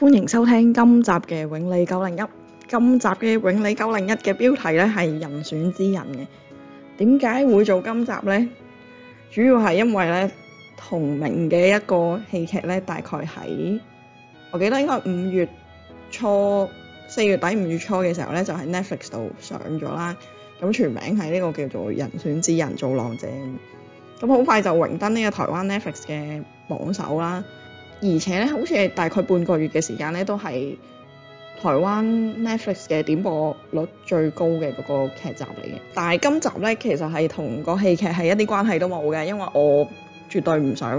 歡迎收聽今集嘅永利九零一，今集嘅永利九零一嘅標題咧係《人選之人》嘅。點解會做今集咧？主要係因為咧同名嘅一個戲劇咧，大概喺我記得應該五月初、四月底、五月初嘅時候咧就喺 Netflix 度上咗啦。咁全名係呢個叫做《人選之人》造浪者，咁好快就榮登呢個台灣 Netflix 嘅榜首啦。而且咧，好似係大概半個月嘅時間咧，都係台灣 Netflix 嘅點播率最高嘅嗰個劇集嚟嘅。但係今集咧，其實係同個戲劇係一啲關係都冇嘅，因為我絕對唔想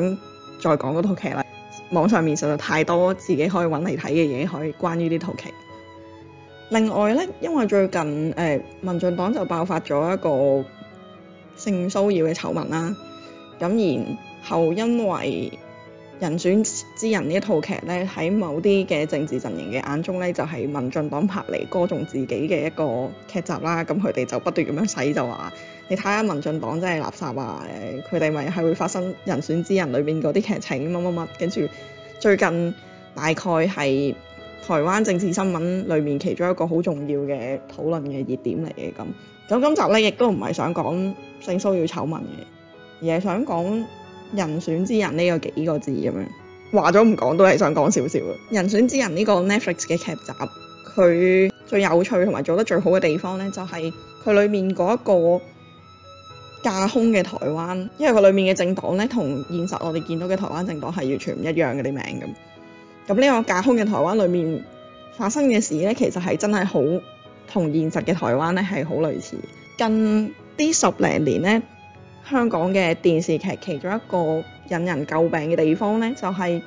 再講嗰套劇啦。網上面實在太多自己可以揾嚟睇嘅嘢，可以關於呢套劇。另外咧，因為最近誒民進黨就爆發咗一個性騷擾嘅醜聞啦，咁然後因為。人選之人呢一套劇呢，喺某啲嘅政治陣營嘅眼中呢，就係民進黨拍嚟歌頌自己嘅一個劇集啦。咁佢哋就不斷咁樣洗，就話你睇下民進黨真係垃圾啊！佢哋咪係會發生人選之人裏面嗰啲劇情乜乜乜，跟住最近大概係台灣政治新聞裏面其中一個好重要嘅討論嘅熱點嚟嘅咁。咁今集呢，亦都唔係想講性騷擾醜聞嘅，而係想講。人選之人呢個幾個字咁樣，話咗唔講都係想講少少啦。人選之人呢個 Netflix 嘅劇集，佢最有趣同埋做得最好嘅地方呢，就係佢裏面嗰一個架空嘅台灣，因為佢裏面嘅政黨呢，同現實我哋見到嘅台灣政黨係完全唔一樣嘅。啲名咁。咁呢個架空嘅台灣裏面發生嘅事呢，其實係真係好同現實嘅台灣呢係好類似。近啲十零年呢。香港嘅電視劇其中一個引人詬病嘅地方咧，就係、是、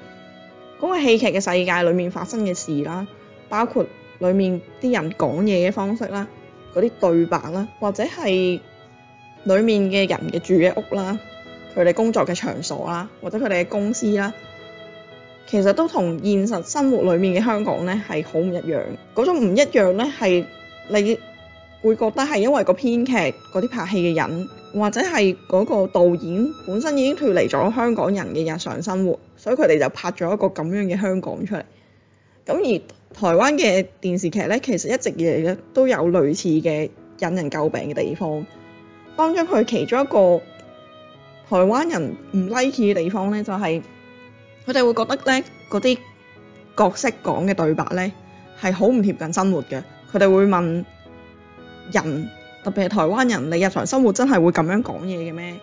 嗰個戲劇嘅世界裡面發生嘅事啦，包括裡面啲人講嘢嘅方式啦，嗰啲對白啦，或者係裡面嘅人嘅住嘅屋啦，佢哋工作嘅場所啦，或者佢哋嘅公司啦，其實都同現實生活裡面嘅香港咧係好唔一樣。嗰種唔一樣咧係你會覺得係因為個編劇嗰啲拍戲嘅人。或者係嗰個導演本身已經脱離咗香港人嘅日常生活，所以佢哋就拍咗一個咁樣嘅香港出嚟。咁而台灣嘅電視劇咧，其實一直以嚟咧都有類似嘅引人詬病嘅地方。當中佢其，其中一個台灣人唔 like 嘅地方咧，就係佢哋會覺得咧嗰啲角色講嘅對白咧係好唔貼近生活嘅。佢哋會問人。特別係台灣人，你日常生活真係會咁樣講嘢嘅咩？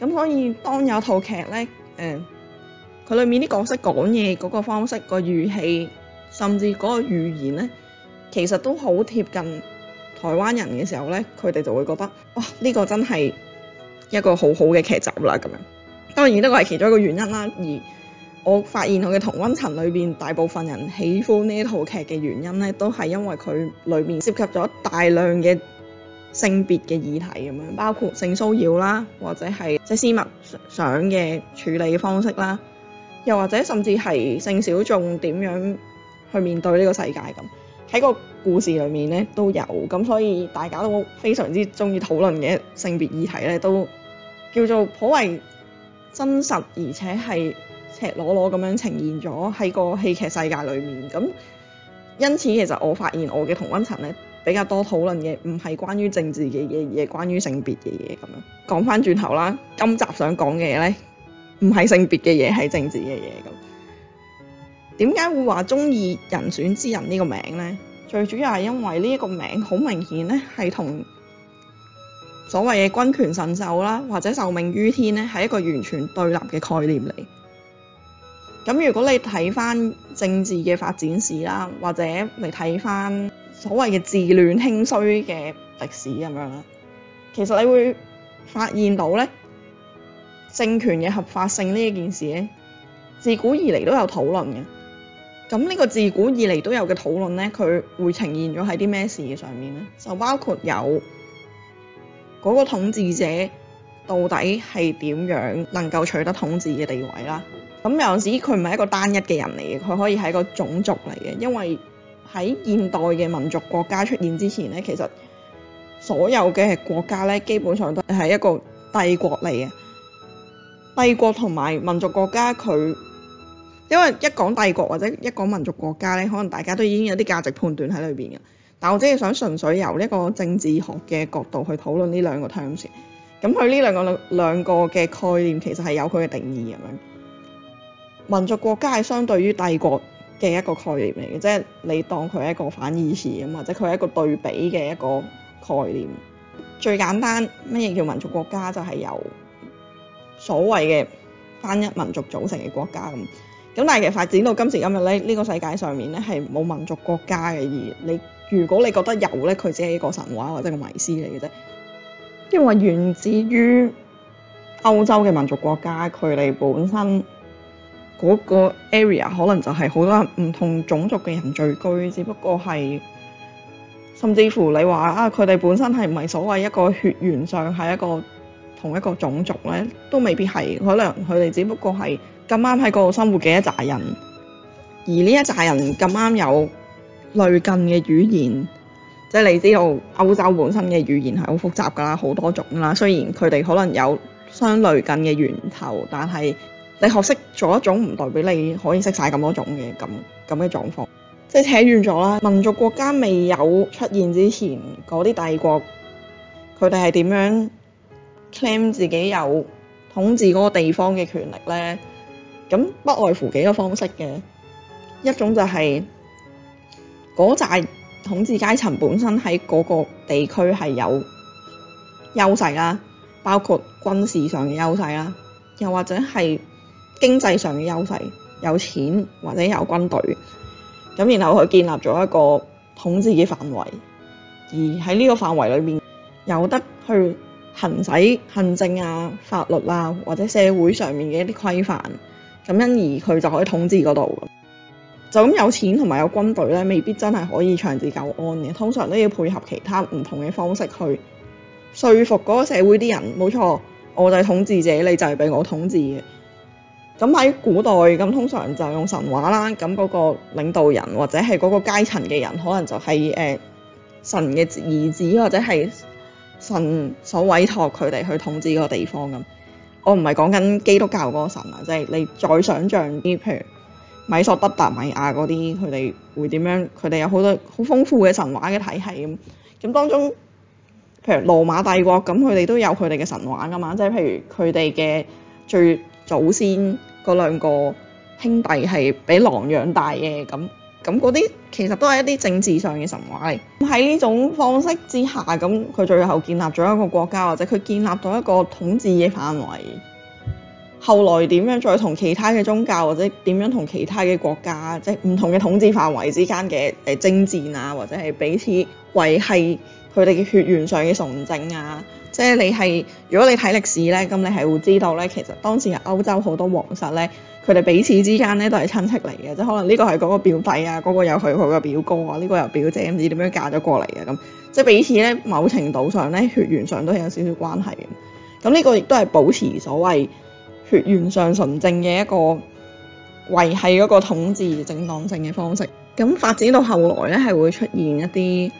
咁所以當有套劇咧，誒、呃，佢裡面啲角色講嘢嗰個方式、個語氣，甚至嗰個語言咧，其實都好貼近台灣人嘅時候咧，佢哋就會覺得，哇！呢個真係一個好好嘅劇集啦咁樣。當然呢個係其中一個原因啦，而我發現佢嘅同溫層裏邊，大部分人喜歡呢套劇嘅原因咧，都係因為佢裏面涉及咗大量嘅性別嘅議題咁樣，包括性騷擾啦，或者係即係私密相嘅處理方式啦，又或者甚至係性小眾點樣去面對呢個世界咁，喺個故事裏面咧都有咁，所以大家都非常之中意討論嘅性別議題咧，都叫做頗為真實，而且係赤裸裸咁樣呈現咗喺個戲劇世界裏面，咁因此其實我發現我嘅同温層咧比較多討論嘅唔係關於政治嘅嘢，而係關於性別嘅嘢咁樣。講翻轉頭啦，今集想講嘅嘢咧唔係性別嘅嘢，係政治嘅嘢咁。點解會話中意人選之人呢個名咧？最主要係因為呢一個名好明顯咧係同所謂嘅君權神授啦，或者受命於天咧係一個完全對立嘅概念嚟。咁如果你睇翻政治嘅發展史啦，或者你睇翻所謂嘅治亂興衰嘅歷史咁樣啦，其實你會發現到咧，政權嘅合法性呢一件事咧，自古以嚟都有討論嘅。咁呢個自古以嚟都有嘅討論咧，佢會呈現咗喺啲咩事嘅上面咧？就包括有嗰個統治者到底係點樣能夠取得統治嘅地位啦。咁有陣時佢唔係一個單一嘅人嚟嘅，佢可以係一個種族嚟嘅。因為喺現代嘅民族國家出現之前咧，其實所有嘅國家咧，基本上都係一個帝國嚟嘅。帝國同埋民族國家，佢因為一講帝國或者一講民族國家咧，可能大家都已經有啲價值判斷喺裏邊嘅。但我真係想純粹由一個政治學嘅角度去討論呢兩個 term 先。咁佢呢兩個兩兩個嘅概念其實係有佢嘅定義咁樣。民族國家係相對於帝國嘅一個概念嚟嘅，即係你當佢係一個反義詞咁，或者佢係一個對比嘅一個概念。最簡單乜嘢叫民族國家就係由所謂嘅單一民族組成嘅國家咁。咁但係其實發展到今時今日咧，呢個世界上面咧係冇民族國家嘅。而你如果你覺得有咧，佢只係一個神話或者個迷思嚟嘅啫。因為源自於歐洲嘅民族國家，佢哋本身。嗰個 area 可能就係好多唔同種族嘅人聚居，只不過係甚至乎你話啊，佢哋本身係唔係所謂一個血緣上係一個同一個種族咧，都未必係。可能佢哋只不過係咁啱喺嗰度生活嘅一紮人，而呢一紮人咁啱有類近嘅語言，即係你知道歐洲本身嘅語言係好複雜㗎啦，好多種啦。雖然佢哋可能有相類近嘅源頭，但係你學識做一種唔代表你可以識晒咁多種嘅咁咁嘅狀況，即係扯遠咗啦。民族國家未有出現之前，嗰啲帝國佢哋係點樣 claim 自己有統治嗰個地方嘅權力咧？咁不外乎幾個方式嘅，一種就係嗰扎統治階層本身喺嗰個地區係有優勢啦，包括軍事上嘅優勢啦，又或者係，經濟上嘅優勢，有錢或者有軍隊，咁然後佢建立咗一個統治嘅範圍，而喺呢個範圍裏面有得去行使行政啊、法律啊，或者社會上面嘅一啲規範，咁因而佢就可以統治嗰度。就咁有錢同埋有軍隊咧，未必真係可以長治久安嘅。通常都要配合其他唔同嘅方式去説服嗰個社會啲人。冇錯，我就係統治者，你就係被我統治嘅。咁喺古代，咁通常就用神話啦。咁嗰個領導人或者係嗰個階層嘅人，可能就係誒神嘅兒子，或者係神所委託佢哋去統治嗰個地方咁。我唔係講緊基督教嗰個神啊，即係你再想象啲，譬如米索不達米亞嗰啲，佢哋會點樣？佢哋有好多好豐富嘅神話嘅體系咁。咁當中，譬如羅馬帝國，咁，佢哋都有佢哋嘅神話噶嘛。即係譬如佢哋嘅最祖先嗰兩個兄弟係俾狼養大嘅咁，咁嗰啲其實都係一啲政治上嘅神話嚟。咁喺呢種方式之下，咁佢最後建立咗一個國家，或者佢建立到一個統治嘅範圍。後來點樣再同其他嘅宗教或者點樣同其他嘅國家，即係唔同嘅統治範圍之間嘅誒爭戰啊，或者係彼此維繫佢哋嘅血緣上嘅崇正啊。即係你係，如果你睇歷史咧，咁你係會知道咧，其實當時係歐洲好多皇室咧，佢哋彼此之間咧都係親戚嚟嘅，即係可能呢個係嗰個表弟啊，嗰個有佢，佢個表哥啊，呢個有表姐，唔知點樣嫁咗過嚟嘅。咁，即係彼此咧某程度上咧血緣上都係有少少關係嘅。咁呢個亦都係保持所謂血緣上純正嘅一個維係嗰個統治正當性嘅方式。咁發展到後來咧，係會出現一啲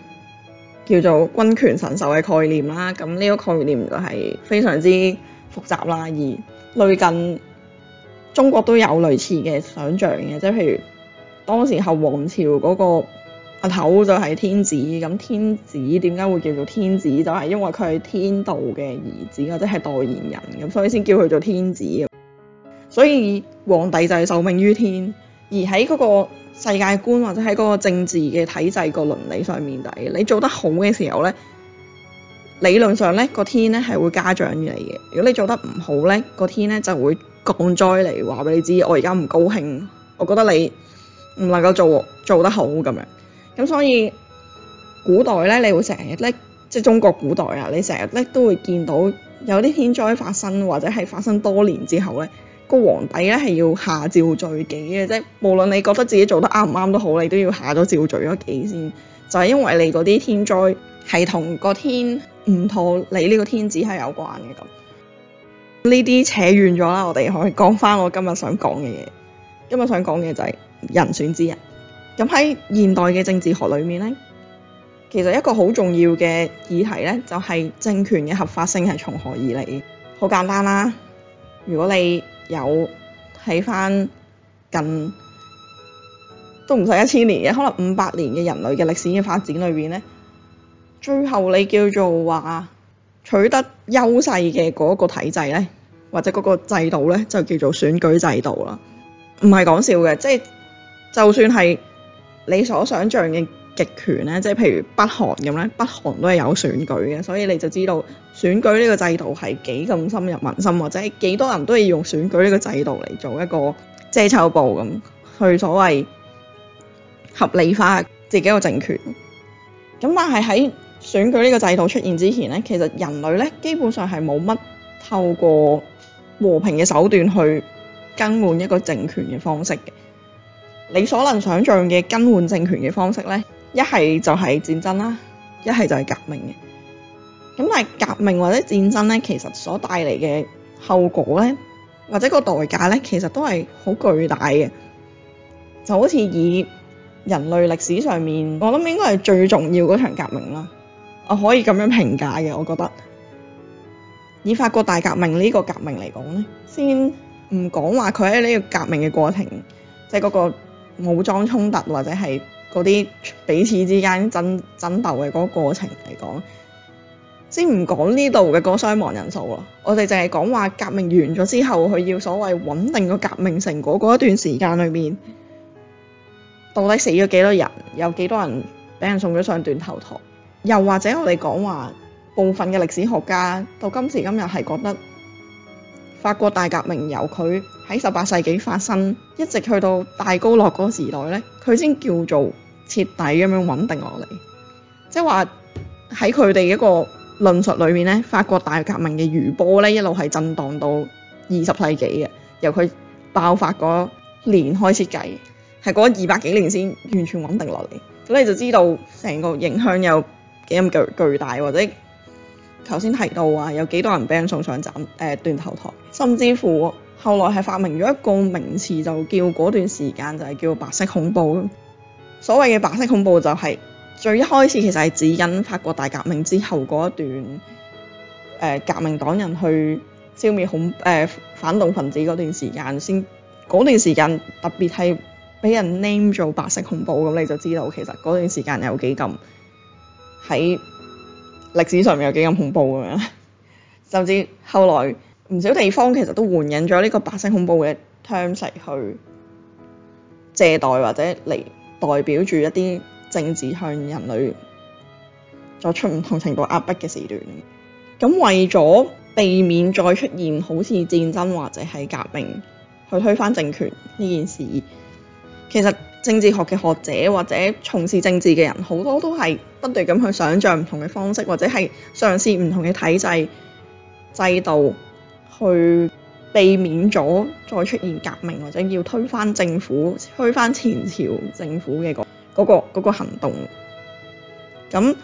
叫做君權神授嘅概念啦，咁呢個概念就係非常之複雜啦，而類近中國都有類似嘅想像嘅，即係譬如當時候皇朝嗰個阿頭就係天子，咁天子點解會叫做天子，就係因為佢係天道嘅兒子或者係代言人，咁所以先叫佢做天子。所以皇帝就係受命於天，而喺嗰個。世界觀或者喺嗰個政治嘅體制個倫理上面底，你做得好嘅時候咧，理論上咧個天咧係會嘉獎你嘅；如果你做得唔好咧，個天咧就會降災嚟話俾你知，我而家唔高興，我覺得你唔能夠做做得好咁樣。咁所以古代咧，你會成日咧，即係中國古代啊，你成日咧都會見到有啲天災發生，或者係發生多年之後咧。個皇帝咧係要下詔罪己嘅，即係無論你覺得自己做得啱唔啱都好，你都要下咗詔罪咗己先。就係因為你嗰啲天災係同個天唔妥你呢個天子係有關嘅咁。呢啲扯遠咗啦，我哋可以講翻我今日想講嘅嘢。今日想講嘅就係人選之人。咁喺現代嘅政治學裏面咧，其實一個好重要嘅議題咧，就係政權嘅合法性係從何而嚟？好簡單啦，如果你有睇翻近都唔使一千年嘅，可能五百年嘅人類嘅歷史嘅發展裏邊咧，最後你叫做話取得優勢嘅嗰個體制咧，或者嗰個制度咧，就叫做選舉制度啦。唔係講笑嘅，即係就算係你所想像嘅極權咧，即係譬如北韓咁咧，北韓都係有選舉嘅，所以你就知道。選舉呢個制度係幾咁深入民心，或者係幾多人都要用選舉呢個制度嚟做一個遮羞布咁，去所謂合理化自己個政權。咁但係喺選舉呢個制度出現之前呢，其實人類呢基本上係冇乜透過和平嘅手段去更換一個政權嘅方式嘅。你所能想像嘅更換政權嘅方式呢，一係就係戰爭啦，一係就係革命嘅。咁但係革命或者戰爭咧，其實所帶嚟嘅後果咧，或者個代價咧，其實都係好巨大嘅。就好似以人類歷史上面，我諗應該係最重要嗰場革命啦。我可以咁樣評價嘅，我覺得以法國大革命呢個革命嚟講咧，先唔講話佢喺呢個革命嘅過程，即係嗰個武裝衝突或者係嗰啲彼此之間爭爭鬥嘅嗰個過程嚟講。先唔講呢度嘅個傷亡人數啦，我哋淨係講話革命完咗之後，佢要所謂穩定個革命成果嗰一段時間裏面，到底死咗幾多人，有幾多人俾人送咗上斷頭台，又或者我哋講話部分嘅歷史學家到今時今日係覺得法國大革命由佢喺十八世紀發生，一直去到戴高樂嗰時代呢，佢先叫做徹底咁樣穩定落嚟，即係話喺佢哋一個論述裏面呢，法國大革命嘅餘波呢，一路係震盪到二十世紀嘅，由佢爆發嗰年開始計，係嗰二百幾年先完全穩定落嚟。咁你就知道成個影響有幾咁巨巨大，或者頭先提到話有幾多人俾人送上斬誒斷頭台，甚至乎後來係發明咗一個名詞，就叫嗰段時間就係叫白色恐怖。所謂嘅白色恐怖就係、是。最一開始其實係指引法國大革命之後嗰一段誒、呃、革命黨人去消滅恐誒、呃、反動分子嗰段時間，先嗰段時間特別係俾人 name 做白色恐怖，咁你就知道其實嗰段時間有幾咁喺歷史上面有幾咁恐怖咁樣。甚 至後來唔少地方其實都援引咗呢個白色恐怖嘅 terms 去借代或者嚟代表住一啲政治向人類作出唔同程度壓迫嘅時段，咁為咗避免再出現好似戰爭或者係革命去推翻政權呢件事，其實政治學嘅學者或者從事政治嘅人好多都係不斷咁去想像唔同嘅方式，或者係嘗試唔同嘅體制制度去避免咗再出現革命或者要推翻政府、推翻前朝政府嘅嗰個嗰個行動，咁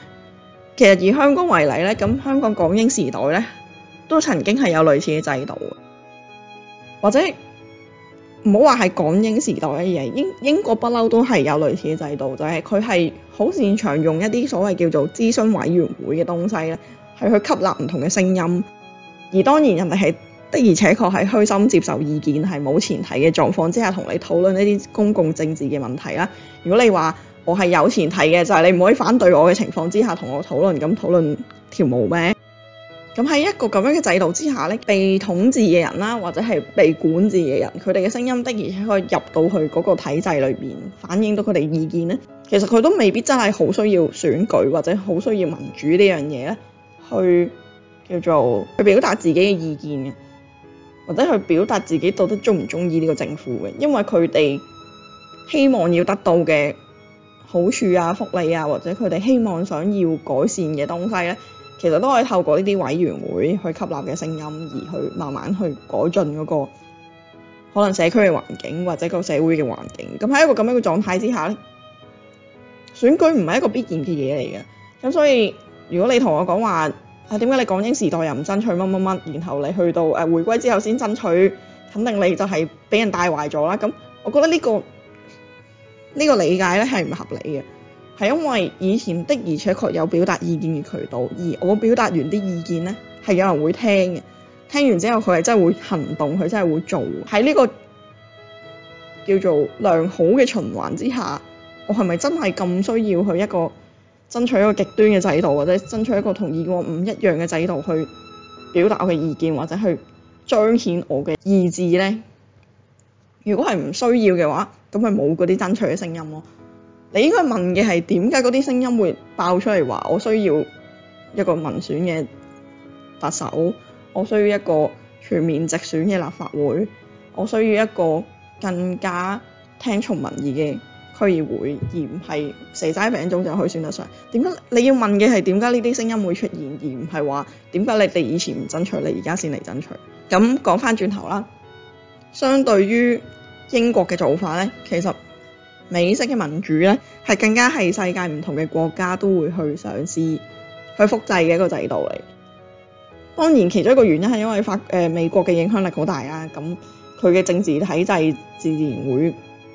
其實以香港為例咧，咁香港港英時代咧都曾經係有類似嘅制度，或者唔好話係港英時代嘅嘢，英英國不嬲都係有類似嘅制度，就係佢係好擅長用一啲所謂叫做諮詢委員會嘅東西咧，係去吸納唔同嘅聲音，而當然人哋係。的而且確係虛心接受意見，係冇前提嘅狀況之下同你討論呢啲公共政治嘅問題啦。如果你話我係有前提嘅，就係你唔可以反對我嘅情況之下同我討論，咁討論條毛咩？咁喺一個咁樣嘅制度之下呢，被統治嘅人啦，或者係被管治嘅人，佢哋嘅聲音的而且確可以入到去嗰個體制裏面，反映到佢哋意見呢，其實佢都未必真係好需要選舉或者好需要民主呢樣嘢咧，去叫做去表達自己嘅意見嘅。或者去表達自己到底中唔中意呢個政府嘅，因為佢哋希望要得到嘅好處啊、福利啊，或者佢哋希望想要改善嘅東西咧，其實都可以透過呢啲委員會去吸納嘅聲音，而去慢慢去改進嗰個可能社區嘅環境或者個社會嘅環境。咁喺一個咁樣嘅狀態之下咧，選舉唔係一個必然嘅嘢嚟嘅。咁所以如果你同我講話，啊，點解你港英時代又唔爭取乜乜乜，然後你去到誒、呃、回歸之後先爭取，肯定你就係俾人帶壞咗啦。咁我覺得呢、這個呢、這個理解咧係唔合理嘅，係因為以前的而且確有表達意見嘅渠道，而我表達完啲意見咧係有人會聽嘅，聽完之後佢係真係會行動，佢真係會做喺呢、這個叫做良好嘅循環之下，我係咪真係咁需要佢一個爭取一個極端嘅制度，或者爭取一個同以往唔一樣嘅制度去表達我嘅意見，或者去彰顯我嘅意志咧。如果係唔需要嘅話，咁咪冇嗰啲爭取嘅聲音咯。你應該問嘅係點解嗰啲聲音會爆出嚟話我需要一個民選嘅特首，我需要一個全面直選嘅立法會，我需要一個更加聽從民意嘅區議會，而唔係蛇齋餅粽就可以選得上。點解你要問嘅係點解呢啲聲音會出現，而唔係話點解你哋以前唔爭取，你而家先嚟爭取？咁講翻轉頭啦，相對於英國嘅做法咧，其實美式嘅民主咧係更加係世界唔同嘅國家都會去嘗試去複製嘅一個制度嚟。當然其中一個原因係因為法誒美國嘅影響力好大啊，咁佢嘅政治體制自然會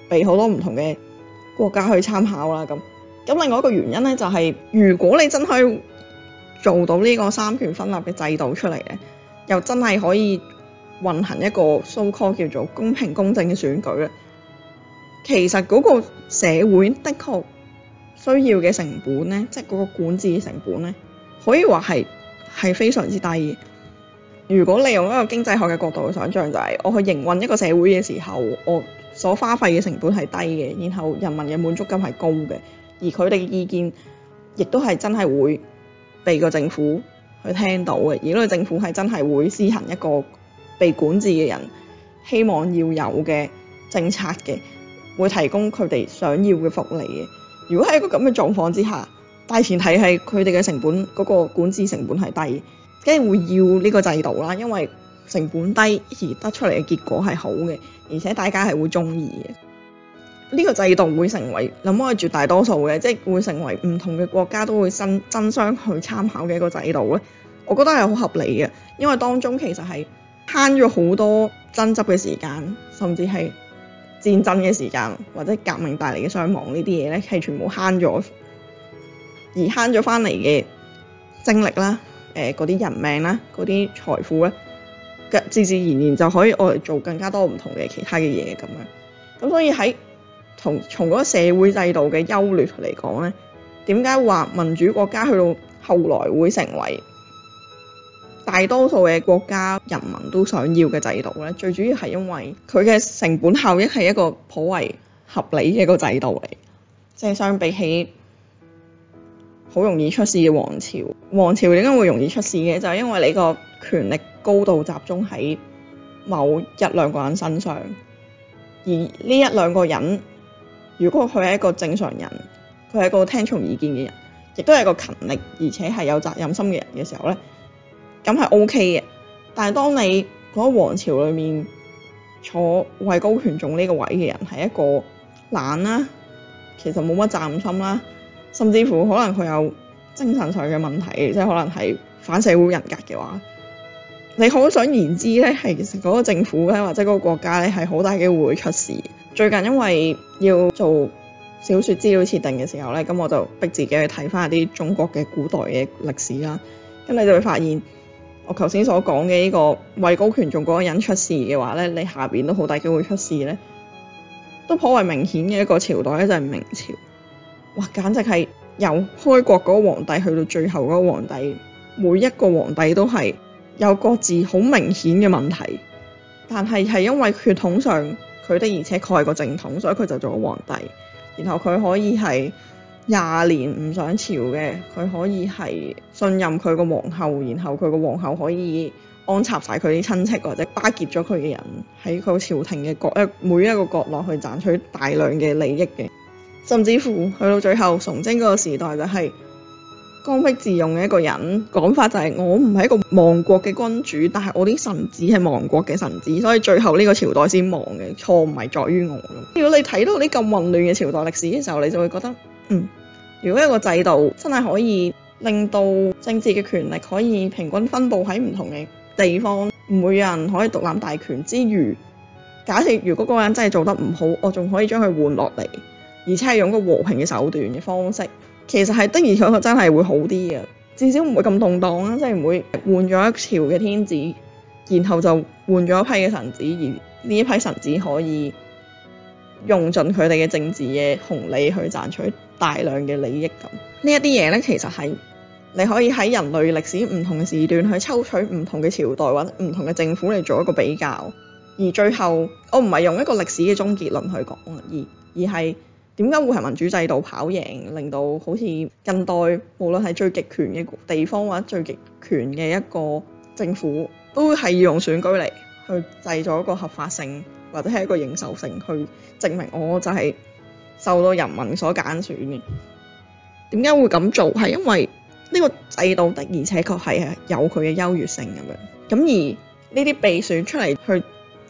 被好多唔同嘅。國家去參考啦咁，咁另外一個原因咧就係、是，如果你真係做到呢個三權分立嘅制度出嚟咧，又真係可以運行一個 so called 叫做公平公正嘅選舉咧，其實嗰個社會的確需要嘅成本咧，即係嗰個管治成本咧，可以話係係非常之低嘅。如果你用一個經濟學嘅角度去想像就係、是，我去營運一個社會嘅時候，我所花費嘅成本係低嘅，然後人民嘅滿足感係高嘅，而佢哋嘅意見亦都係真係會被個政府去聽到嘅，而呢個政府係真係會施行一個被管治嘅人希望要有嘅政策嘅，會提供佢哋想要嘅福利嘅。如果喺一個咁嘅狀況之下，大前提係佢哋嘅成本嗰、嗰個管治成本係低，梗係會要呢個制度啦，因為，成本低而得出嚟嘅結果係好嘅，而且大家係會中意嘅。呢、這個制度會成為諗下絕大多數嘅，即係會成為唔同嘅國家都會爭爭相去參考嘅一個制度咧。我覺得係好合理嘅，因為當中其實係慳咗好多爭執嘅時間，甚至係戰爭嘅時間或者革命帶嚟嘅傷亡呢啲嘢咧，係全部慳咗，而慳咗翻嚟嘅精力啦、誒嗰啲人命啦、嗰啲財富咧。自自然然就可以，我哋做更加多唔同嘅其他嘅嘢咁樣。咁所以喺同從嗰個社會制度嘅優劣嚟講咧，點解話民主國家去到後來會成為大多數嘅國家人民都想要嘅制度咧？最主要係因為佢嘅成本效益係一個頗為合理嘅一個制度嚟，即係相比起好容易出事嘅王朝。王朝點解會容易出事嘅？就係因為你個權力。高度集中喺某一兩個人身上，而呢一兩個人，如果佢係一個正常人，佢係一個聽從意見嘅人，亦都係一個勤力，而且係有責任心嘅人嘅時候咧，咁係 OK 嘅。但係當你嗰個王朝裏面坐位高權重呢個位嘅人係一個懶啦，其實冇乜責任心啦，甚至乎可能佢有精神上嘅問題，即係可能係反社會人格嘅話。你可想而知咧，係其實嗰個政府咧，或者嗰個國家咧，係好大機會會出事。最近因為要做小説資料設定嘅時候咧，咁我就逼自己去睇翻啲中國嘅古代嘅歷史啦。咁你就會發現，我頭先所講嘅呢個位高權重嗰個人出事嘅話咧，你下邊都好大機會出事咧，都頗為明顯嘅一個朝代咧，就係明朝。哇，簡直係由開國嗰個皇帝去到最後嗰個皇帝，每一個皇帝都係。有各自好明顯嘅問題，但係係因為血統上佢的，而且佢係個正統，所以佢就做咗皇帝。然後佢可以係廿年唔上朝嘅，佢可以係信任佢個皇后，然後佢個皇后可以安插曬佢啲親戚或者巴結咗佢嘅人喺佢朝廷嘅各一每一個角落，去賺取大量嘅利益嘅，甚至乎去到最後崇禎嗰個時代就係、是。剛愎自用嘅一個人講法就係、是、我唔係一個亡國嘅君主，但係我啲臣子係亡國嘅臣子，所以最後呢個朝代先亡嘅錯唔係在於我。如果你睇到呢咁混亂嘅朝代歷史嘅時候，你就會覺得，嗯，如果一個制度真係可以令到政治嘅權力可以平均分布喺唔同嘅地方，唔會有人可以獨攬大權之餘，假設如果嗰個人真係做得唔好，我仲可以將佢換落嚟，而且係用個和平嘅手段嘅方式。其實係的而且確真係會好啲嘅，至少唔會咁動盪啦，即係唔會換咗一朝嘅天子，然後就換咗一批嘅臣子，而呢一批臣子可以用盡佢哋嘅政治嘅紅利去賺取大量嘅利益咁。呢一啲嘢咧，其實係你可以喺人類歷史唔同時段去抽取唔同嘅朝代或者唔同嘅政府嚟做一個比較，而最後我唔係用一個歷史嘅終結論去講，而而係。點解會係民主制度跑贏，令到好似近代無論係最極權嘅地方或者最極權嘅一個政府，都係要用選舉嚟去製造一個合法性，或者係一個認受性，去證明我就係受到人民所揀選嘅。點解會咁做？係因為呢個制度的確，而且確係有佢嘅優越性咁樣。咁而呢啲被選出嚟去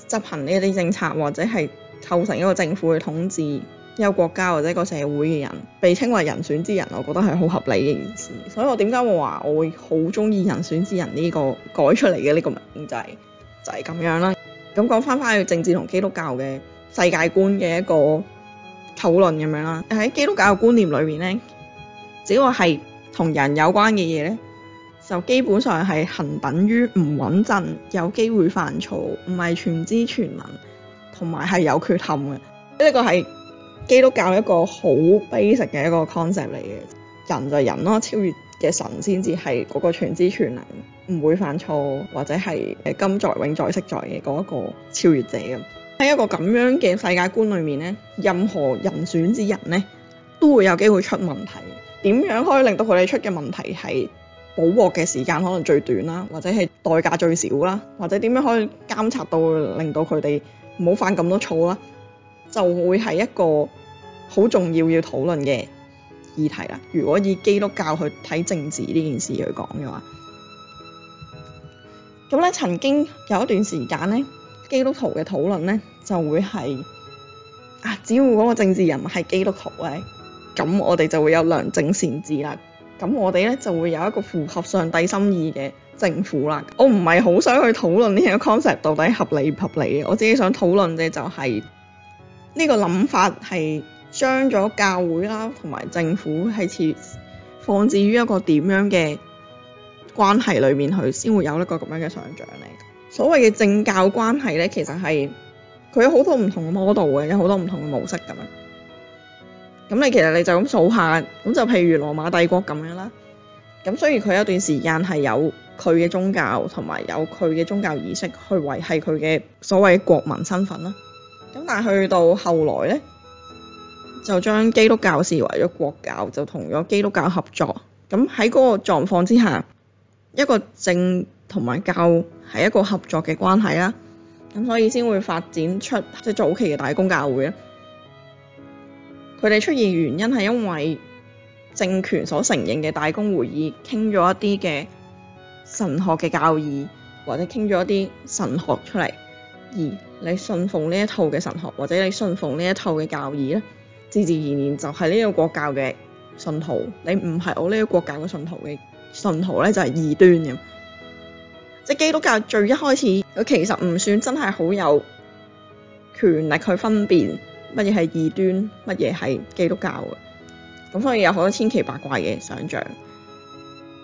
執行呢啲政策，或者係構成一個政府嘅統治。有國家或者一個社會嘅人被稱為人選之人，我覺得係好合理嘅一件事。所以我點解會話我會好中意人選之人呢、這個改出嚟嘅呢個名就仔，就係、是、咁、就是、樣啦。咁講翻翻去政治同基督教嘅世界觀嘅一個討論咁樣啦。喺基督教嘅觀念裏面呢，只要係同人有關嘅嘢呢，就基本上係行等於唔穩陣，有機會犯錯，唔係全知全能，同埋係有缺陷嘅。呢、這個係。基督教一個好 basic 嘅一個 concept 嚟嘅，人就係人咯，超越嘅神先至係嗰個全知全能，唔會犯錯或者係誒今在永在昔在嘅嗰一個超越者啊。喺一個咁樣嘅世界觀裏面咧，任何人選之人咧都會有機會出問題。點樣可以令到佢哋出嘅問題係保獲嘅時間可能最短啦，或者係代價最少啦，或者點樣可以監察到令到佢哋唔好犯咁多錯啦？就會係一個好重要要討論嘅議題啦。如果以基督教去睇政治呢件事去講嘅話，咁咧曾經有一段時間咧，基督徒嘅討論咧就會係啊，只要嗰個政治人物係基督徒咧，咁我哋就會有良政善治啦。咁我哋咧就會有一個符合上帝心意嘅政府啦。我唔係好想去討論呢個 concept 到底合理唔合理嘅，我自己想討論嘅就係、是。呢個諗法係將咗教會啦，同埋政府係設放置於一個點樣嘅關係裡面去，先會有一個咁樣嘅想像嚟。所謂嘅政教關係呢，其實係佢有好多唔同嘅 model 嘅，有好多唔同嘅模式咁樣。咁你其實你就咁數下，咁就譬如羅馬帝國咁樣啦。咁雖然佢有一段時間係有佢嘅宗教同埋有佢嘅宗教儀式去維係佢嘅所謂國民身份啦。咁但係去到後來咧，就將基督教視為咗國教，就同咗基督教合作。咁喺嗰個狀況之下，一個政同埋教係一個合作嘅關係啦。咁所以先會發展出即係、就是、早期嘅大公教會咧。佢哋出現原因係因為政權所承認嘅大公會議傾咗一啲嘅神學嘅教義，或者傾咗一啲神學出嚟。而你信奉呢一套嘅神學，或者你信奉呢一套嘅教義咧，自自然然就係呢個國教嘅信徒。你唔係我呢個國教嘅信徒嘅信徒咧，就係異端咁。即係基督教最一開始，佢其實唔算真係好有權力去分辨乜嘢係異端，乜嘢係基督教嘅。咁所以有好多千奇百怪嘅想象。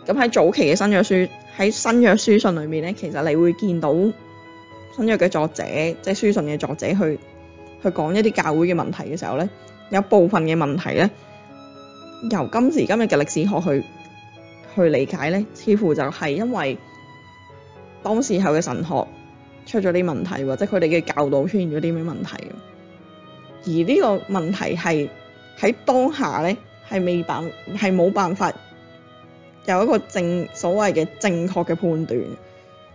咁喺早期嘅新約書喺新約書信裏面咧，其實你會見到。新約嘅作者，即係書信嘅作者去去講一啲教會嘅問題嘅時候咧，有部分嘅問題咧，由今時今日嘅歷史學去去理解咧，似乎就係因為當時候嘅神學出咗啲問題，或者佢哋嘅教導出現咗啲咩問題，而呢個問題係喺當下咧，係未辦係冇辦法有一個正所謂嘅正確嘅判斷。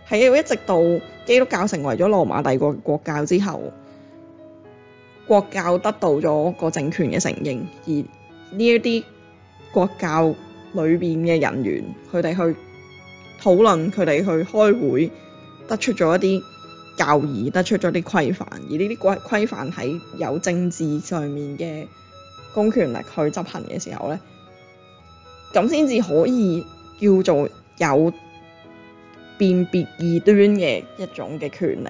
係一直到基督教成為咗羅馬帝國國教之後，國教得到咗個政權嘅承認，而呢一啲國教裏邊嘅人員，佢哋去討論，佢哋去開會，得出咗一啲教義，得出咗啲規範，而呢啲規規範喺有政治上面嘅公權力去執行嘅時候咧，咁先至可以叫做有。辨別異端嘅一種嘅權力，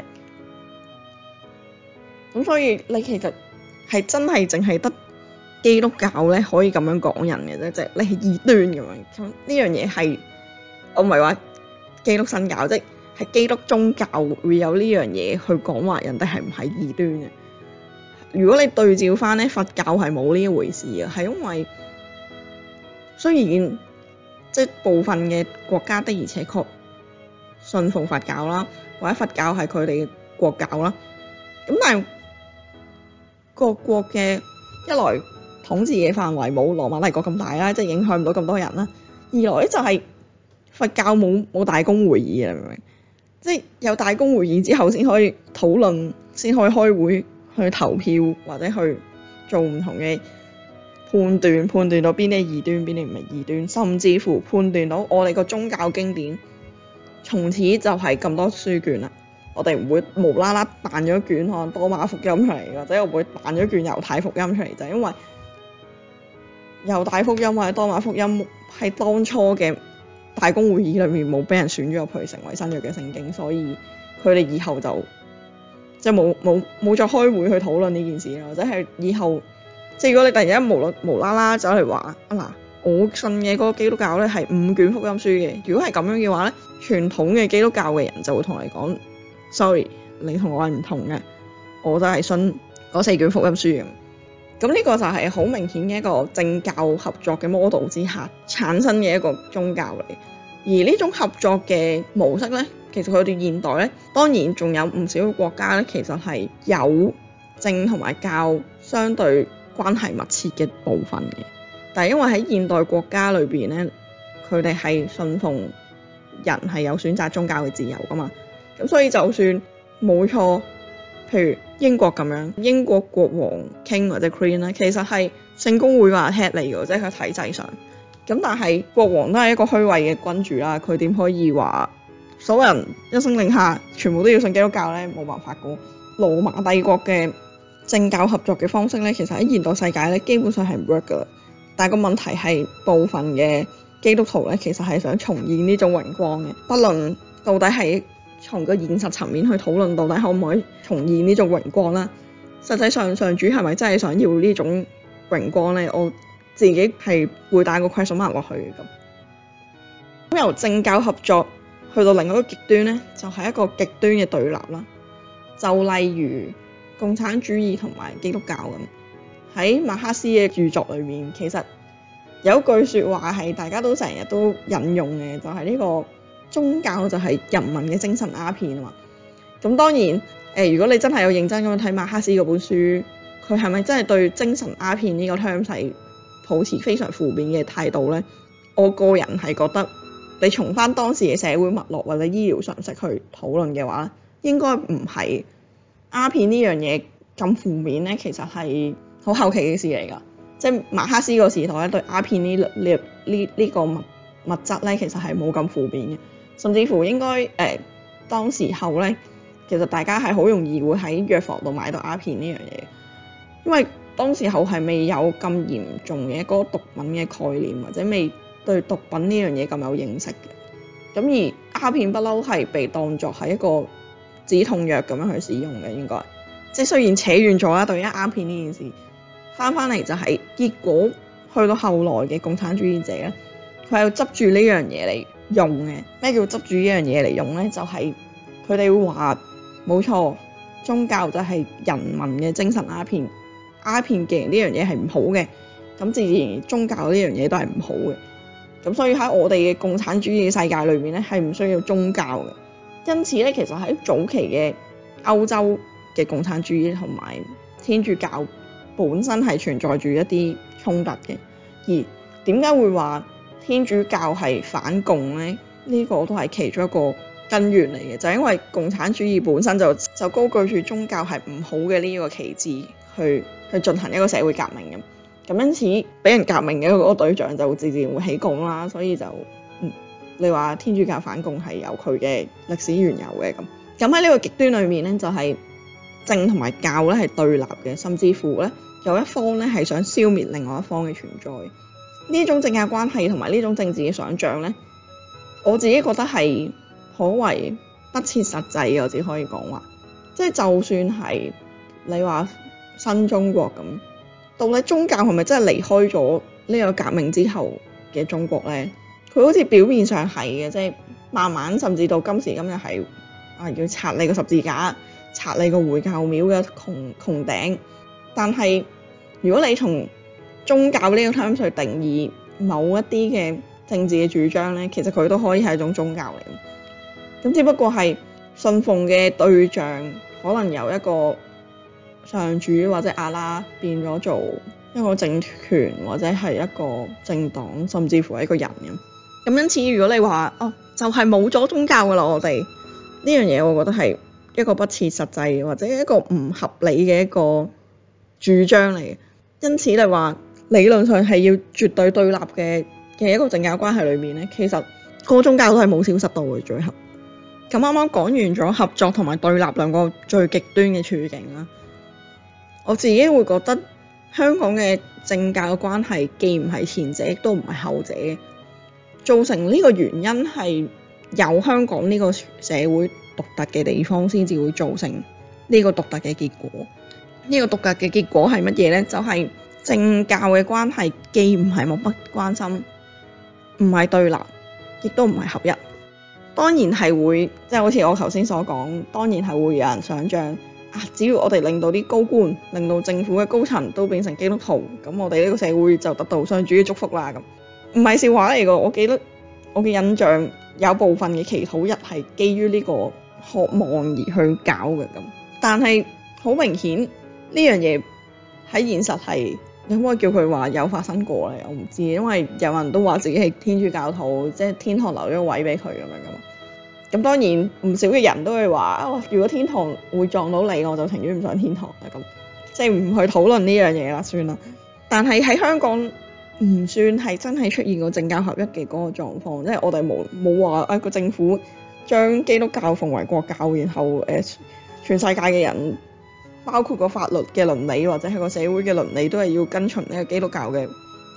咁所以你其實係真係淨係得基督教咧可以咁樣講人嘅啫，即係你係異端咁樣。咁呢樣嘢係我唔係話基督新教，即係基督宗教會有呢樣嘢去講話人哋係唔係異端嘅。如果你對照翻咧，佛教係冇呢一回事嘅，係因為雖然即係部分嘅國家的，而且確。信奉佛教啦，或者佛教係佢哋嘅國教啦。咁但係各國嘅一來統治嘅範圍冇羅馬帝國咁大啦，即係影響唔到咁多人啦。二來就係、是、佛教冇冇大公會議啊，明唔明？即係有大公會議之後先可以討論，先可以開會去投票或者去做唔同嘅判斷，判斷到邊啲係異端，邊啲唔係異端，甚至乎判斷到我哋個宗教經典。從此就係咁多書卷啦。我哋唔會無啦啦彈咗卷可能《多馬福音》出嚟，或者我唔會彈咗卷《猶太福音》出嚟，就因為《猶太福音》或者《多馬福音》喺當初嘅大公會議裏面冇俾人選咗入去成為新約嘅聖經，所以佢哋以後就即係冇冇冇再開會去討論呢件事啦。或者係以後，即係如果你突然間無啦無啦啦走嚟話啊嗱。我信嘅嗰個基督教咧係五卷福音書嘅。如果係咁樣嘅話咧，傳統嘅基督教嘅人就會同你講：sorry，你同我係唔同嘅。我就係信嗰四卷福音書嘅。咁呢個就係好明顯嘅一個政教合作嘅 model 之下產生嘅一個宗教嚟。而呢種合作嘅模式咧，其實佢哋現代咧，當然仲有唔少國家咧，其實係有政同埋教相對關係密切嘅部分嘅。但係因為喺現代國家裏邊咧，佢哋係信奉人係有選擇宗教嘅自由噶嘛。咁所以就算冇錯，譬如英國咁樣，英國國王 King 或者 Queen 啦，其實係聖公會話 head 嚟嘅，即係佢體制上。咁但係國王都係一個虛位嘅君主啦，佢點可以話所有人一聲令下全部都要信基督教咧？冇辦法噶。羅馬帝國嘅政教合作嘅方式咧，其實喺現代世界咧，基本上係唔 work 噶啦。但個問題係，部分嘅基督徒咧，其實係想重現呢種榮光嘅。不論到底係從個現實層面去討論，到底可唔可以重現呢種榮光啦？實際上，上主係咪真係想要呢種榮光咧？我自己係會帶個虧損埋落去嘅咁。咁由政教合作去到另一個極端咧，就係、是、一個極端嘅對立啦。就例如共產主義同埋基督教咁。喺馬克思嘅著作裏面，其實有句説話係大家都成日都引用嘅，就係呢個宗教就係人民嘅精神鴉片啊嘛。咁當然誒、呃，如果你真係有認真咁睇馬克思嗰本書，佢係咪真係對精神鴉片呢個 term 抱持非常負面嘅態度呢？我個人係覺得，你從翻當時嘅社會脈絡或者醫療常識去討論嘅話，應該唔係鴉片呢樣嘢咁負面呢，其實係。好後期嘅事嚟㗎，即係馬克思個時代咧，對阿片呢列呢呢個物物質咧，其實係冇咁負面嘅，甚至乎應該誒、呃、當時候咧，其實大家係好容易會喺藥房度買到阿片呢樣嘢，因為當時候係未有咁嚴重嘅一個毒品嘅概念，或者未對毒品呢樣嘢咁有認識嘅。咁而阿片不嬲係被當作係一個止痛藥咁樣去使用嘅，應該即係雖然扯遠咗啦，對於阿片呢件事。翻返嚟就係、是、結果，去到後來嘅共產主義者咧，佢係要執住呢樣嘢嚟用嘅。咩叫執住呢樣嘢嚟用咧？就係佢哋會話冇錯，宗教就係人民嘅精神鴉片，鴉片既呢樣嘢係唔好嘅，咁自然宗教呢樣嘢都係唔好嘅。咁所以喺我哋嘅共產主義世界裏面咧，係唔需要宗教嘅。因此咧，其實喺早期嘅歐洲嘅共產主義同埋天主教，本身係存在住一啲衝突嘅，而點解會話天主教係反共呢？呢、這個都係其中一個根源嚟嘅，就係、是、因為共產主義本身就就高舉住宗教係唔好嘅呢一個旗幟去去進行一個社會革命咁，咁因此俾人革命嘅嗰個對象就自然會起共啦，所以就、嗯、你話天主教反共係有佢嘅歷史原由嘅咁，咁喺呢個極端裏面呢，就係政同埋教咧係對立嘅，甚至乎呢。有一方咧係想消滅另外一方嘅存在，呢種政教關係同埋呢種政治嘅想象咧，我自己覺得係頗為不切實際嘅。我只可以講話，即係就算係你話新中國咁，到底宗教係咪真係離開咗呢個革命之後嘅中國咧？佢好似表面上係嘅，即係慢慢甚至到今時今日係啊要拆你個十字架，拆你個回教廟嘅穹穹頂，但係。如果你從宗教呢個 terms 去定義某一啲嘅政治嘅主張咧，其實佢都可以係一種宗教嚟嘅。咁只不過係信奉嘅對象可能由一個上主或者阿拉變咗做一個政權或者係一個政黨，甚至乎係一個人咁。咁因此，如果你話哦就係冇咗宗教㗎啦，我哋呢樣嘢，我覺得係一個不切實際或者一個唔合理嘅一個主張嚟。因此你話理論上係要絕對對立嘅嘅一個政教關係裏面咧，其實個宗教都係冇消失到嘅。最後，咁啱啱講完咗合作同埋對立兩個最極端嘅處境啦，我自己會覺得香港嘅政教嘅關係既唔係前者亦都唔係後者，造成呢個原因係由香港呢個社會獨特嘅地方先至會造成呢個獨特嘅結果。呢個獨特嘅結果係乜嘢呢？就係、是、政教嘅關係既唔係漠不關心，唔係對立，亦都唔係合一。當然係會，即、就、係、是、好似我頭先所講，當然係會有人想象啊。只要我哋令到啲高官、令到政府嘅高層都變成基督徒，咁我哋呢個社會就得到上主嘅祝福啦。咁唔係笑話嚟㗎。我記得我嘅印象有部分嘅祈禱日係基於呢個渴望而去搞嘅咁，但係好明顯。呢樣嘢喺現實係，你可唔可以叫佢話有發生過咧？我唔知，因為有人都話自己係天主教徒，即係天堂留咗位俾佢咁樣噶嘛。咁當然唔少嘅人都會話：啊、哦，如果天堂會撞到你，我就情願唔上天堂啦。咁即係唔去討論呢樣嘢啦，算啦。但係喺香港唔算係真係出現過政教合一嘅嗰個狀況，即係我哋冇冇話誒個政府將基督教奉為國教，然後誒、呃、全世界嘅人。包括個法律嘅倫理或者係個社會嘅倫理都係要跟從呢個基督教嘅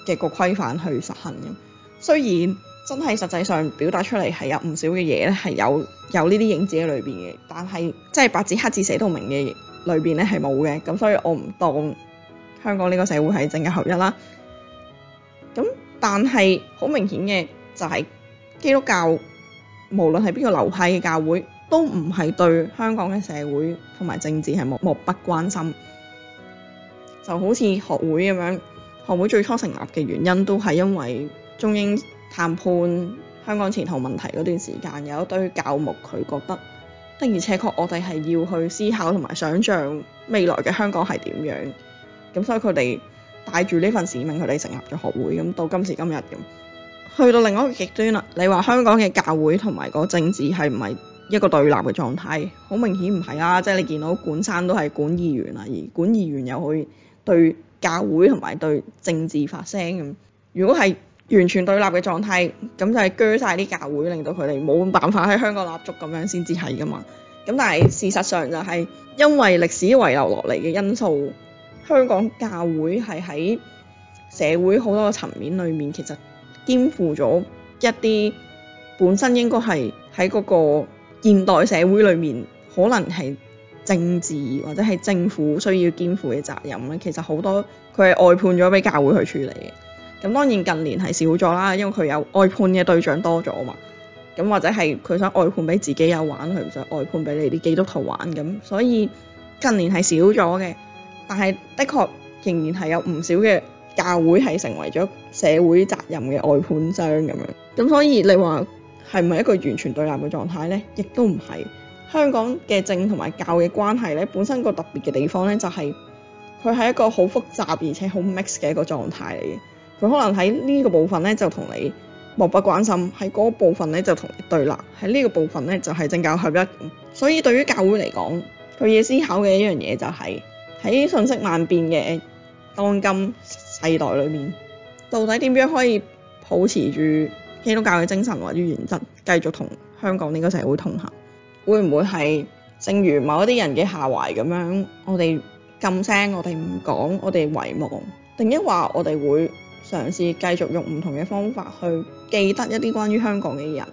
嘅個規範去實行咁。雖然真係實際上表達出嚟係有唔少嘅嘢咧，係有有呢啲影子喺裏邊嘅，但係即係白紙黑字寫到明嘅裏邊咧，係冇嘅。咁所以我唔當香港呢個社會係政教合一啦。咁但係好明顯嘅就係基督教無論係邊個流派嘅教會。都唔係對香港嘅社會同埋政治係漠不關心，就好似學會咁樣。學會最初成立嘅原因都係因為中英談判香港前途問題嗰段時間，有一堆教牧佢覺得，的而且確我哋係要去思考同埋想像未來嘅香港係點樣，咁所以佢哋帶住呢份使命，佢哋成立咗學會，咁到今時今日咁去到另外一個極端啦。你話香港嘅教會同埋個政治係唔係？一個對立嘅狀態，好明顯唔係啊。即係你見到管山都係管議員啊，而管議員又去對教會同埋對政治發聲。咁如果係完全對立嘅狀態，咁就係鋸晒啲教會，令到佢哋冇辦法喺香港立足咁樣先至係㗎嘛。咁但係事實上就係因為歷史遺留落嚟嘅因素，香港教會係喺社會好多層面裏面，其實肩負咗一啲本身應該係喺嗰個。現代社會裏面，可能係政治或者係政府需要肩負嘅責任咧。其實好多佢係外判咗俾教會去處理嘅。咁當然近年係少咗啦，因為佢有外判嘅對象多咗啊嘛。咁或者係佢想外判俾自己有玩，佢唔想外判俾你啲基督徒玩咁。所以近年係少咗嘅，但係的確仍然係有唔少嘅教會係成為咗社會責任嘅外判商咁樣。咁所以你話，係唔係一個完全對立嘅狀態呢？亦都唔係。香港嘅政同埋教嘅關係呢，本身個特別嘅地方呢，就係佢係一個好複雜而且好 mix 嘅一個狀態嚟嘅。佢可能喺呢個部分呢，就同你漠不關心，喺嗰部分呢，就同你對立，喺呢個部分呢，就係政教合一。所以對於教會嚟講，佢要思考嘅一樣嘢就係喺信息萬變嘅當今世代裡面，到底點樣可以保持住，基督教嘅精神或者原則，繼續同香港呢個社會同行，會唔會係正如某一啲人嘅下懷咁樣，我哋噤聲，我哋唔講，我哋遺忘，定抑話我哋會嘗試繼續用唔同嘅方法去記得一啲關於香港嘅人，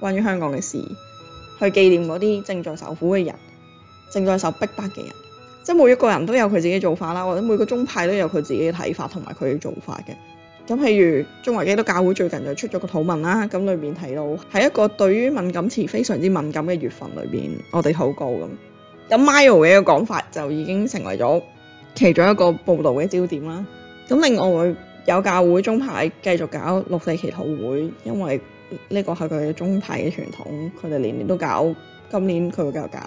關於香港嘅事，去紀念嗰啲正在受苦嘅人，正在受逼迫嘅人，即係每一個人都有佢自己做法啦，或者每個宗派都有佢自己嘅睇法同埋佢嘅做法嘅。咁譬如中華基督教會最近就出咗個討論啦，咁裏面睇到喺一個對於敏感詞非常之敏感嘅月份裏邊，我哋禱告咁。咁 m i o 嘅一個講法就已經成為咗其中一個報導嘅焦點啦。咁另外有教會中派繼續搞六四祈禱會，因為呢個係佢哋中派嘅傳統，佢哋年年都搞，今年佢會繼續搞。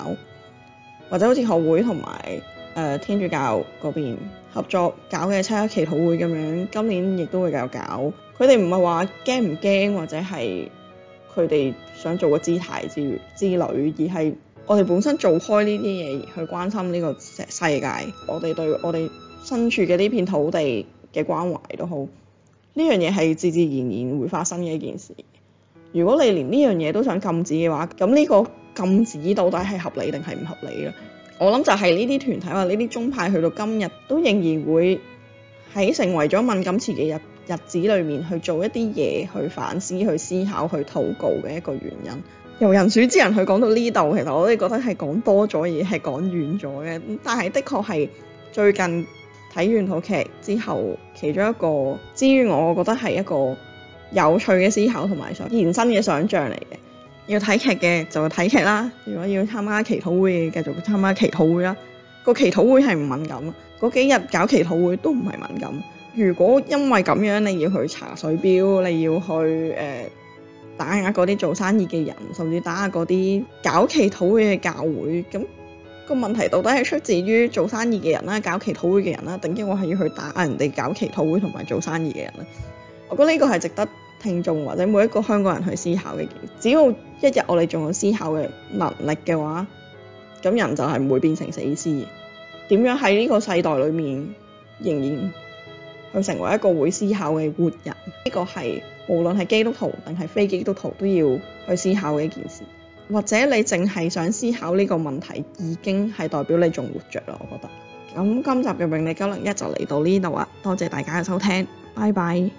或者好似學會同埋誒天主教嗰邊。合作搞嘅七一祈禱會咁樣，今年亦都會繼續搞。佢哋唔係話驚唔驚或者係佢哋想做個姿態之之類，而係我哋本身做開呢啲嘢去關心呢個世界，我哋對我哋身處嘅呢片土地嘅關懷都好。呢樣嘢係自自然然會發生嘅一件事。如果你連呢樣嘢都想禁止嘅話，咁呢個禁止到底係合理定係唔合理嘅？我諗就係呢啲團體或呢啲宗派去到今日都仍然會喺成為咗敏感詞嘅日日子裏面去做一啲嘢去反思、去思考、去禱告嘅一個原因。由人選之人去講到呢度，其實我都覺得係講多咗而係講遠咗嘅。但係的確係最近睇完套劇之後，其中一個之於我覺得係一個有趣嘅思考同埋延伸嘅想像嚟嘅。要睇劇嘅就睇劇啦，如果要參加祈禱會嘅繼續參加祈禱會啦。個祈禱會係唔敏感啊，嗰幾日搞祈禱會都唔係敏感。如果因為咁樣你要去查水表，你要去誒、呃、打壓嗰啲做生意嘅人，甚至打壓嗰啲搞祈禱會嘅教會，咁個問題到底係出自於做生意嘅人啦、啊，搞祈禱會嘅人啦、啊，定係我係要去打壓人哋搞祈禱會同埋做生意嘅人咧、啊？我覺得呢個係值得聽眾或者每一個香港人去思考嘅嘢。只要一日我哋仲有思考嘅能力嘅話，咁人就係唔會變成死屍。點樣喺呢個世代裏面仍然去成為一個會思考嘅活人？呢、這個係無論係基督徒定係非基督徒都要去思考嘅一件事。或者你淨係想思考呢個問題，已經係代表你仲活着啦。我覺得。咁今集嘅永利九零一就嚟到呢度啦。多謝大家嘅收聽，拜拜。